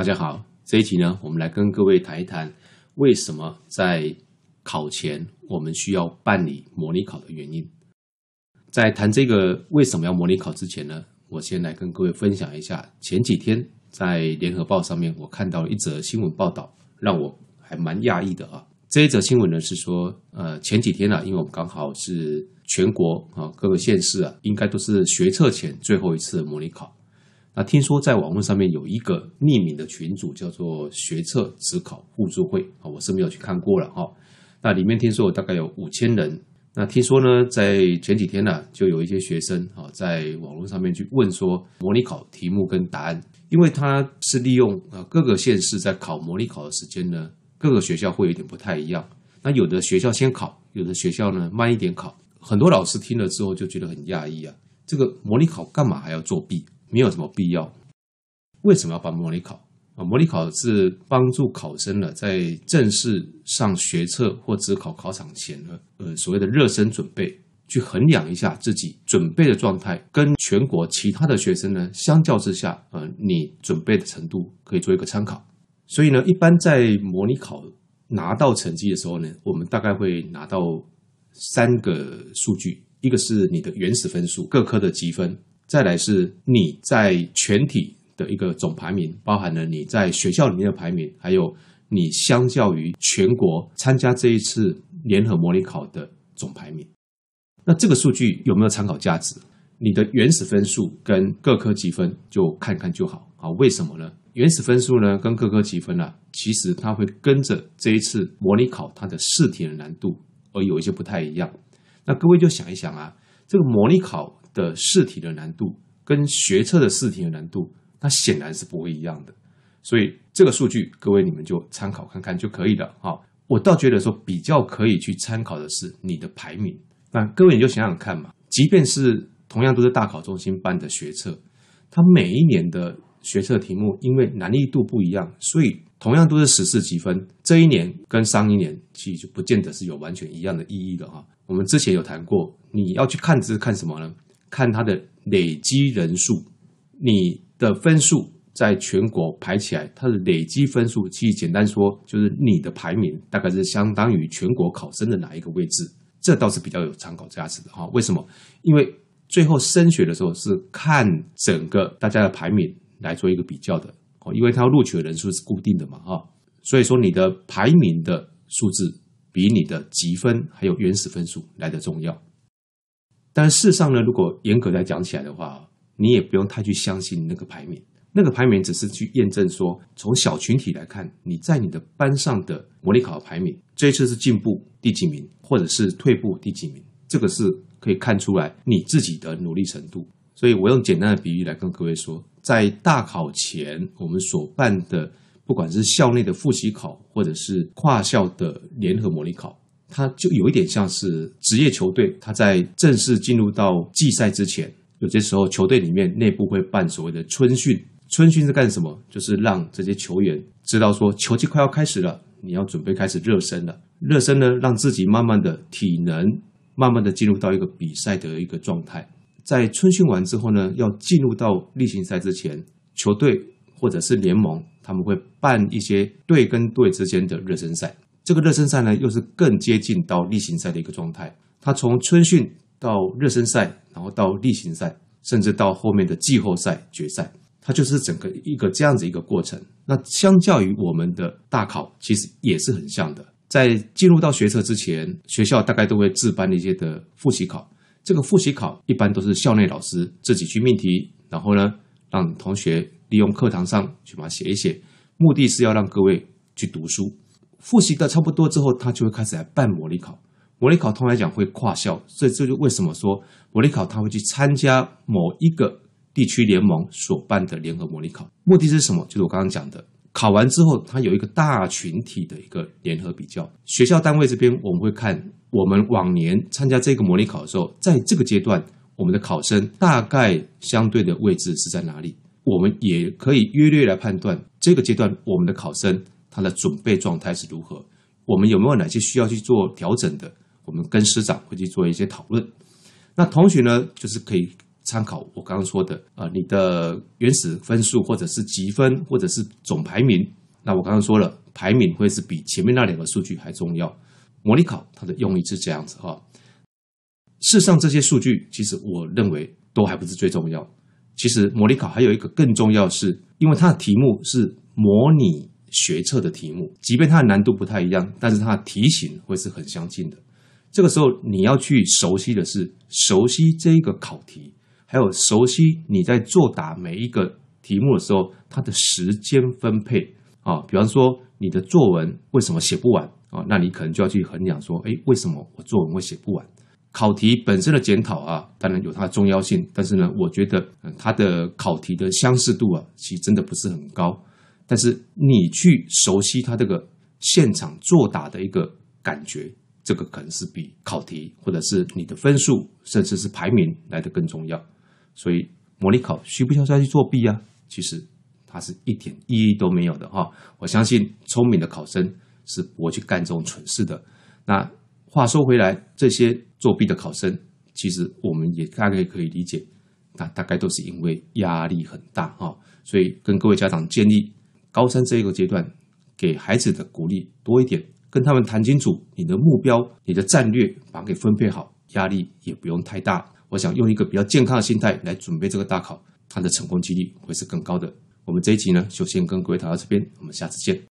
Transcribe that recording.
大家好，這一集呢，我們來跟各位談一談為什麼在考前我們需要辦理模擬考的原因。在談這個為什麼要模擬考之前呢，我先來跟各位分享一下前幾天在聯合報上面我看到了一則新聞報道，讓我還蠻訝異的啊。這一則新聞呢是說，呃，前幾天呢、啊，因為我們剛好是全國啊各個縣市啊，應該都是學測前最後一次的模擬考。那聽說在網絡上面有一個匿名的群組，叫做“學測指考互助會”，啊，我是沒有去看過了哈。那裡面聽說有大概有五千人。那聽說呢，在前幾天呢、啊，就有一些學生啊，在網絡上面去問說模擬考題目跟答案，因為它是利用各個縣市在考模擬考的時間呢，各個學校會有點不太一樣。那有的學校先考，有的學校呢慢一點考，很多老師聽了之後就覺得很訝異啊，這個模擬考幹嘛還要作弊？沒有什麼必要，為什麼要辦模擬考啊？模擬考是幫助考生呢，在正式上學測或指考考場前呢，呃，所謂的熱身準備，去衡量一下自己準備的狀態，跟全國其他的學生呢，相較之下，呃，你準備的程度可以做一個參考。所以呢，一般在模擬考拿到成績的時候呢，我們大概會拿到三個數據，一個是你的原始分數，各科的級分。再來是你在全體的一個總排名，包含了你在學校裡面的排名，還有你相較於全國參加這一次聯合模擬考的總排名。那這個數據有沒有參考價值？你的原始分數跟各科級分就看看就好啊。為什麼呢？原始分數呢跟各科級分啊，其實它會跟着這一次模擬考它的試題的難度而有一些不太一樣。那各位就想一想啊，這個模擬考的試題的難度跟學測的試題的難度，那顯然是不會一樣的。所以這個數據，各位你們就參考看看就可以了啊。我倒覺得說，比較可以去參考的是你的排名。那各位你就想想看嘛，即便是同樣都是大考中心辦的學測，它每一年的學測題目因為難易度不一樣，所以同樣都是十四級分，這一年跟上一年其實就不見得是有完全一樣的意義的哈。我們之前有談過，你要去看是看什麼呢？看他的累積人數，你的分數在全國排起來，他的累積分數，其實簡單說就是你的排名大概是相當於全國考生的哪一個位置，這倒是比較有參考價值的哈、哦。為什麼？因為最後升學的時候是看整個大家的排名來做一個比較的哦，因為他錄取的人數是固定的嘛哈、哦，所以說你的排名的數字比你的級分還有原始分數來得重要。但事實上呢，如果嚴格來講起來的話，你也不用太去相信那個排名。那個排名只是去驗證說，從小群體來看，你在你的班上的模擬考排名，這一次是進步第幾名，或者是退步第幾名，這個是可以看出來你自己的努力程度。所以我用簡單的比喻來跟各位說，在大考前我們所辦的，不管是校內的複習考，或者是跨校的聯合模擬考。他就有一點像是職業球隊，他在正式進入到季賽之前，有些時候球隊裡面內部會辦所謂的春訓。春訓是幹什麼？就是讓這些球員知道說球季快要開始了，你要準備開始熱身了。熱身呢，讓自己慢慢的體能，慢慢的進入到一個比賽的一個狀態。在春訓完之後呢，要進入到例行賽之前，球隊或者是聯盟，他們會辦一些隊跟隊之間的熱身賽。這個熱身賽呢，又是更接近到例行賽的一個狀態。它從春訓到熱身賽，然後到例行賽，甚至到後面的季後賽、決賽，它就是整個一個這樣子一個過程。那相較於我們的大考，其實也是很像的。在進入到學測之前，學校大概都會自辦一些的複習考。這個複習考一般都是校內老師自己去命題，然後呢，讓同學利用課堂上去把它寫一寫，目的是要讓各位去讀書。複習的差不多之後，他就會開始來辦模擬考。模擬考通常來講會跨校，所以這就為什麼說模擬考他會去參加某一個地區聯盟所辦的聯合模擬考。目的是什麼？就是我剛剛講的，考完之後他有一個大群體的一個聯合比較。學校單位這邊我們會看，我們往年參加這個模擬考的時候，在這個階段我們的考生大概相對的位置是在哪裡？我們也可以約略來判斷這個階段我們的考生。他的準備狀態是如何？我們有沒有哪些需要去做調整的？我們跟師長會去做一些討論。那同學呢，就是可以參考我剛剛說的啊、呃，你的原始分數，或者是級分，或者是總排名。那我剛剛說了，排名會是比前面那兩個數據還重要。模擬考它的用意是這樣子哈。事實上，這些數據其實我認為都還不是最重要。其實模擬考還有一個更重要是，因為它的題目是模擬。學測的題目，即便它的難度不太一樣，但是它的題型會是很相近的。這個時候，你要去熟悉的是熟悉這一個考題，還有熟悉你在作答每一個題目的時候，它的時間分配啊。哦，比方說，你的作文為什麼寫不完啊？哦，那你可能就要去衡量說，哎，為什麼我作文會寫不完？考題本身的檢討啊，當然有它的重要性，但是呢，我覺得嗯它的考題的相似度啊，其實真的不是很高。但是你去熟悉他這個現場作答的一個感覺，這個可能是比考題或者是你的分數，甚至是排名來得更重要。所以模擬考需不需要再去作弊啊？其實它是一點意義都沒有的哈、哦。我相信聰明的考生是不會去幹這種蠢事的。那話說回來，這些作弊的考生，其實我們也大概可以理解，那大概都是因為壓力很大哈、哦。所以跟各位家長建議。高三這一個階段，給孩子的鼓勵多一點，跟他們談清楚你的目標、你的戰略，把它給分配好，壓力也不用太大。我想用一個比較健康的心態來準備這個大考，它的成功幾率會是更高的。我們這一集呢，就先跟各位談到這邊，我們下次見。